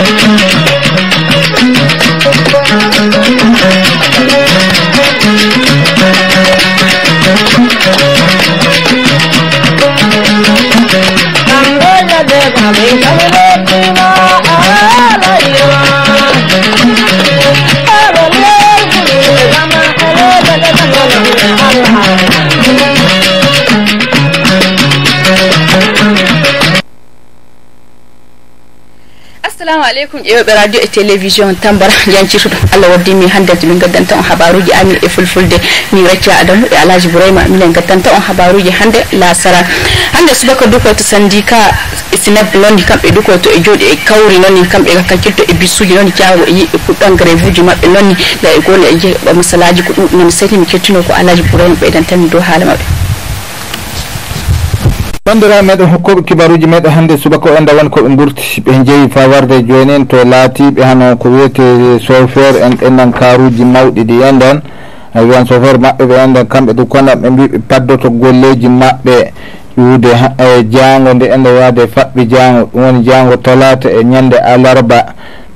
Música assalamu aleykum ƴewɓe radio et télévision tambara jancirtu ɗum allah waddimi hannde to min gaddanta on habaruji ami e fulfulde mi racca adamu e alaji bourayma minen gaddanta on habaruji hannde lasara hannde subaka dukoto sandika e sinab noonni kamɓe dukoto e jooɗi e kawri noonni kamɓe kakkilto e bissuji noonni cango e yiɓe puɗɗon grève uji maɓɓe noonni da e gooni e jeeɓa masalaji ko ɗuɗi noon sati mi kettino ko alaji bourayma ɓeydantanmi dow haala maɓɓe bandira meɗen hokkoɓe kibaruji meɗen hannde subaka o ndawan koɓe gurti ɓe jeeyi fawarde joni en to laatiɓe hano ko wiyete chauffeur en ɗennan karuji mawɗi ɗi enɗon wiwan chauffeur maɓɓe ɓe enɗon kamɓe ɗo konan ɓe mbiɓe paddoto golleji maɓɓe wiwde e jaango nde enɗo wawde faɓɓi jaango ɗum woni jaango talata e ñande alarba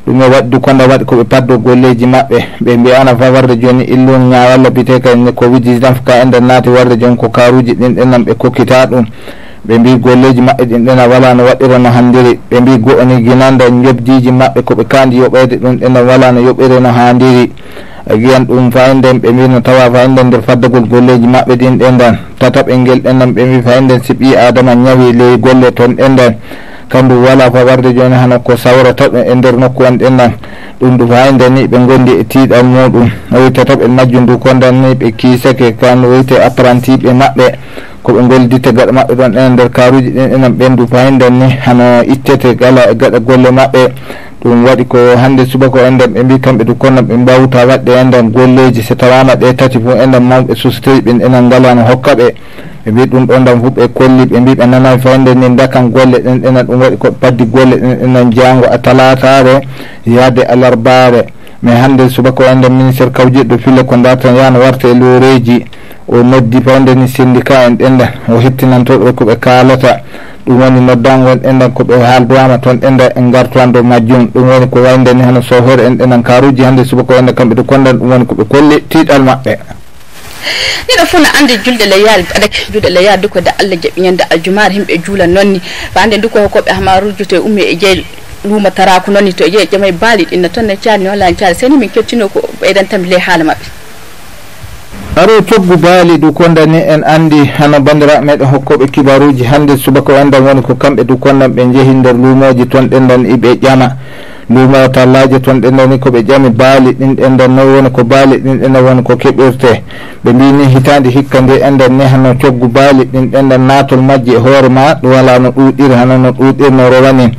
ɗum e waɗi du konda waɗi koɓe paddo golleji maɓɓe ɓe mbiya ana fawarde joni illum ñawalla biteka covid 19 ka enɗen naati warde joni ko karuji ɗin ɗennan ɓe kokkita ɗum ɓe mbi golleji maɓɓe ɗin ɗena wala no waɗira no handiri ɓe mbi goni guinanda jobdiji maɓɓe koɓe kandi yoɓeyde ɗum ɗena wala no yoɓiri no handiri giyan ɗum fayinden ɓe mbi no tawa fayinden nder faddagol golleji maɓɓe ɗin ɗendan tataɓe ngel ɗenan ɓe mbi fayinden si ɓi adama ñawi ley golle toon ɗenden kandum wala fawarde joni hana ko sawrataɓe e nder nokku en ɗendan ɗum ɗu fayinde ni ɓe gondi e tiiɗan muɗum owi tataɓe majju ndu kondan ni ɓe kiisake kan wiyte apprenti ɓe maɓɓe koɓe gollidita gaɗa maɓɓe ɗon ene nder karuji ɗen enen ɓendu payindan ni hana ittete gala e gaɗa golle maɓɓe ɗum waɗi ko hande subako enden ɓe mbi kamɓe ɗu konno ɓe mbawta waɗɗe enden golleji so tawama ɗe tati fo enden mawɓe société ji ɓen enen ngalano hokka ɓe ɓe mbi ɗum ɗon ɗam fuɓe kolli ɓe mbi ɓe nanani fayinde ni dakan golle ɗen enen ɗum waɗi koɓe paddi golle ɗen enen jango a talatare yaade alarbare mais hande subako enden ministére kawjiɗɗo fille ko daratan yahno warta e loreji o noddi pawde ni syndicat en ɗenɗan o hettinanto ɗo ko ɓe kaalata ɗum woni noddago en ɗenɗan ko ɓe haaldowama toon ɗenɗa en gartowando majjum ɗum woni ko waydeni hano sohore en ɗenɗan karuji hannde subako wande kamɓe to kondan ɗum woni ko ɓe kolli tiiɗal maɓɓe ɗiɗo fof no andi julde le yaal adak julde le yaal duko da allah jaɓi ñande aljumaare himɓe juula nonni fande nduko hokoɓe hamaruju to ummi e jeey luuma tarako nonni to jeey ƴamay baali ɗinna toon ne caarni holla cari seni min kettino ko ɓeydantami le haala maɓɓe aro coggu baali du kondani en andi hano bandiraɓe meɗen hokkoɓe kibaruji hande subaka andan woni ko kamɓe du kondan ɓe jeehi nder lumoji ton ɗendan iɓe ƴama luma tallaji ton ɗendani koɓe ƴami baali ɗin ɗendan no woni ko baali ɗin ɗendan woni ko keɓirte ɓe mbini hitande hikka nde enden ne hano coggu baali ɗin ɗendan natol majji e hoore ma ɗum wala no ɗuɗir hano no ɗuɗir no rowanin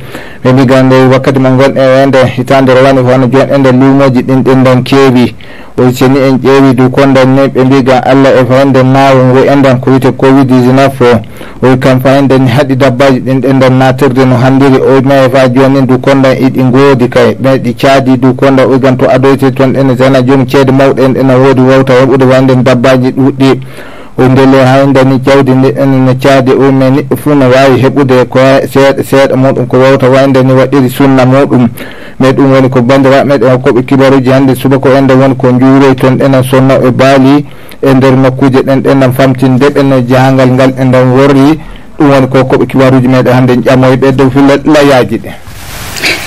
ɓendiganɗe wakkati mo gonɗen e wende hitande rowani wano joni ende lumoji ɗin ɗendan kewi o ceni en ƴeewi dow kondan ni ɓe mbiga allah e fayande naawo ngo endan ko wiyte covid 19 o o kam fayande ni haɗi dabbaji ɗin ɗendan natirde no hanndiri o mefa joni ni dow kondan iɗi goodi kay ɓeɗi caadi dow kondan oygan to adoyte toon ene tana joni ceede mawɗe en ɗena woodi wawta wonɓude fayande dabbaji ɗuuɗɗi ndelo ha dani jawdi ndi enne caadi o mais neɗɗo fuu no wawi heɓude ko seeɗa seeɗa muɗum ko wawta wawdani waɗiri sunna muɗum mais ɗum woni ko bandiraɓe meɗen hokkoɓe kibaruji hannde subako ende woni ko juuroy toon ɗenen sonno e baali e nder nokkuje ɗen ɗenen famtinde ɓene jahangal ngal enen worri ɗum woni ko koɓe kibaruji meɗen hannde ƴamoyeɓe e dow fillallayaji ɗe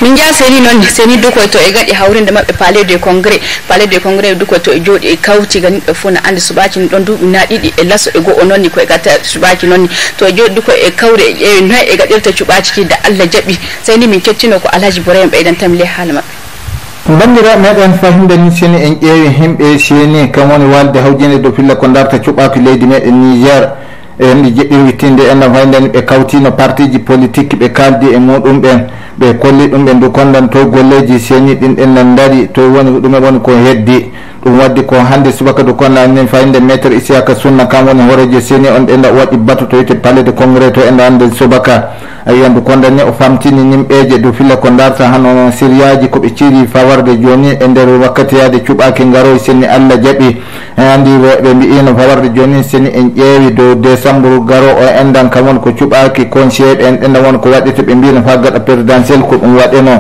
min ja seni noon seni dukoy to e gaɗi hawrinde maɓɓe palais de congrès palais de congrès dukoy to e jooɗi e kawtiga yimɓe fof na andi subaki ɗon duuɓi na ɗiɗi e laso e go'o noonni koye gatta suɓaki ni to e jooɗi dukoy e kawre e ƴeewi noy e gaɗirta cuɓaki ki da allah jaɓi seni min kettino ko alhaji bourahima ɓeydantami le haala maɓɓe bandiraɓe meɗen fahimde ni seni en ƴeewi himɓe seni kam woni walde hawjinde dow filla ko darta cuɓaki leydi meɗen niger emi jeɓɓi wittinde enɗam haynden ɓe kawtino partiji politique ɓe kaldi e muɗum ɓen ɓe kolli ɗum ɓe ndu kondan to golleji seni ɗin ɗennan daari to woni ɗume woni ko heddi ɗum waddi ko hande subaka du kondanni fayde maître isiaka sunna kam woni horeji seni on ɗenɗa waɗi batu to wite palais de congrès to enɗa hande subaka yonde kondane o famtini nimɓeje dow filla ko darta hano siriyaji koɓe ciri fawarde joni e nder wakkatiyade cuɓaki garoy seni allah jaaɓi e andi ɓe mbiino fawarde joni seni en ƴeewi dow décembre garo o endan kam won ko cuɓaki conseir en ɗenda won ko waɗete ɓe mbino fa gaɗa présidentiel ko ɗum waɗeno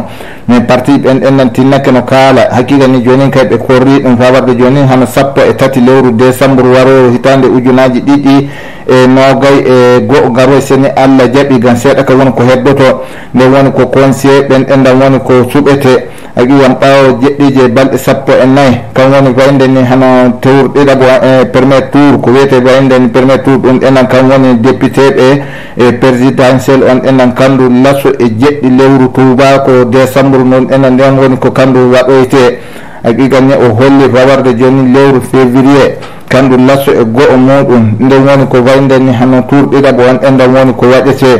mais parti ɓen ɗendan tinnake no kaala hakkika ni joni kay ɓe korri ɗum fawarde joni hano sappo e tati lewru décembre waroro hitande ujunaji ɗiɗi e nogay e go garo seni allah jaaɓi gam seeɗa ka won ko heddoto nde woni ko conseier ɓen ɗendan woni ko suɓete a ƴiwan ɓawo jeɗɗije balɗe sappo en nayyi kam woni bayde ni hana tour ɗiɗabo e permet tour ko wiyete bayde ni permet tour ɗum ɗendan kam woni député ɓe e présidentiel on ɗendan kamndu lasso e jeɗɗi lewru touba ko décembre noon e ɗendan nden woni ko kamndu waɗoyte a ƴigan ni o holli wawarde joni lewru février kamndu lasso e go o muɗum nden woni ko bayde ni hana tour ɗiɗabo on ɗendan woni ko waɗete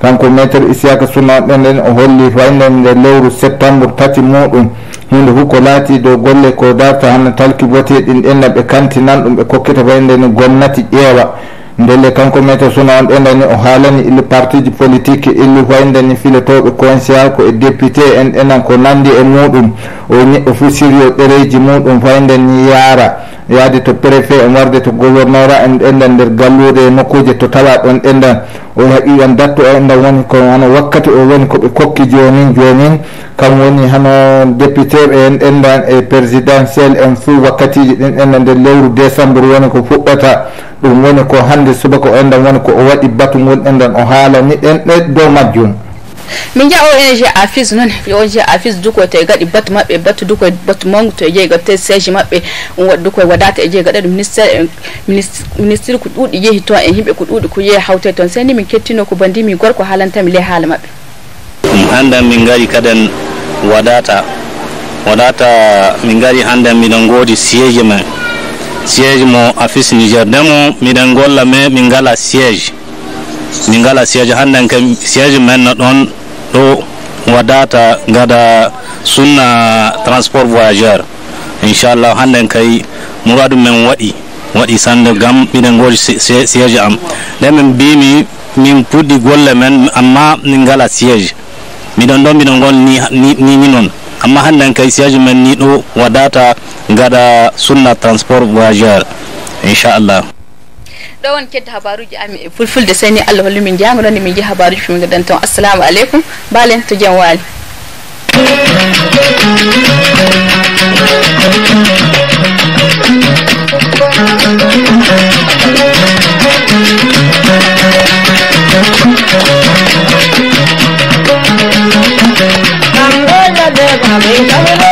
kanko maître isiaka sunaɗen en o holli faynon nde lewru septembre tati muɗum hunde fuu ko laati dow golle ko darta hanna talki boteɗin ɗenna ɓe kantinan ɗum ɓe kokkita faynden gonnati ƴeewa ndelle kanko maitre sunaan ɗenani o haalani ille partiji politique illu faynndeni filetoɓe conscien ko e député en ɗenan ko nandi e muɗum o neɗɗo fuu sirio ɗereji muɗum faynden yaara yaade to préfet en warde to gouverneur a en ɗendan nder gallure nokkuji to tala ɗon ɗendan o haqiwan dattu o enɗan woni ko hono wakkati o woni koɓe kokki jonin jonin kam woni hono député ɓe en ɗendan e présidentiel en fou wakkatiji ɗin ɗendan nder lewru décembre woni ko fuɗɗata ɗum woni ko hande subaka o enɗan woni ko o waɗi batu ngol ɗendan o haalani ɗen ɗe dow majjum min jaa ong office noon ong office duko to e gaɗi batu maɓɓe batu duko batu mangu to e jeeyi gaɗa te siége maɓɓe um waɗ duko wadata e jeeyi gaɗa ɗo ministére ministre ko ɗuuɗi yehi toon e yimɓe ko ɗuuɗi ko yehi hawte toon se ni min kettino ko bandi min gorko haalantami le haala maɓɓe ɗum hannde min ngari kaden waɗata waɗata min ngari hannde miɗen ngoodi siége men siége mo office nigér demo miɗen golla mais min ngala siége min ngala siége hannden ke siége menno ɗon do wadata gada suna transport voyageur inchallah hannden kai muradu men waɗi waɗi sanda gam miɗen goji siyaji am nden min mbimi min puɗɗi golle men amma min ngala siége miɗon ɗon miɗon gon ni non amma hannden kai siyaji men ni do wadata gada suna transport voyageur inchallah ɗo won kedde habaruji amin e fulfulde seni allah holli min jaama ɗon min ji habaru fo min gaddan toon assalamu alaikum balen to jaam waali Come on,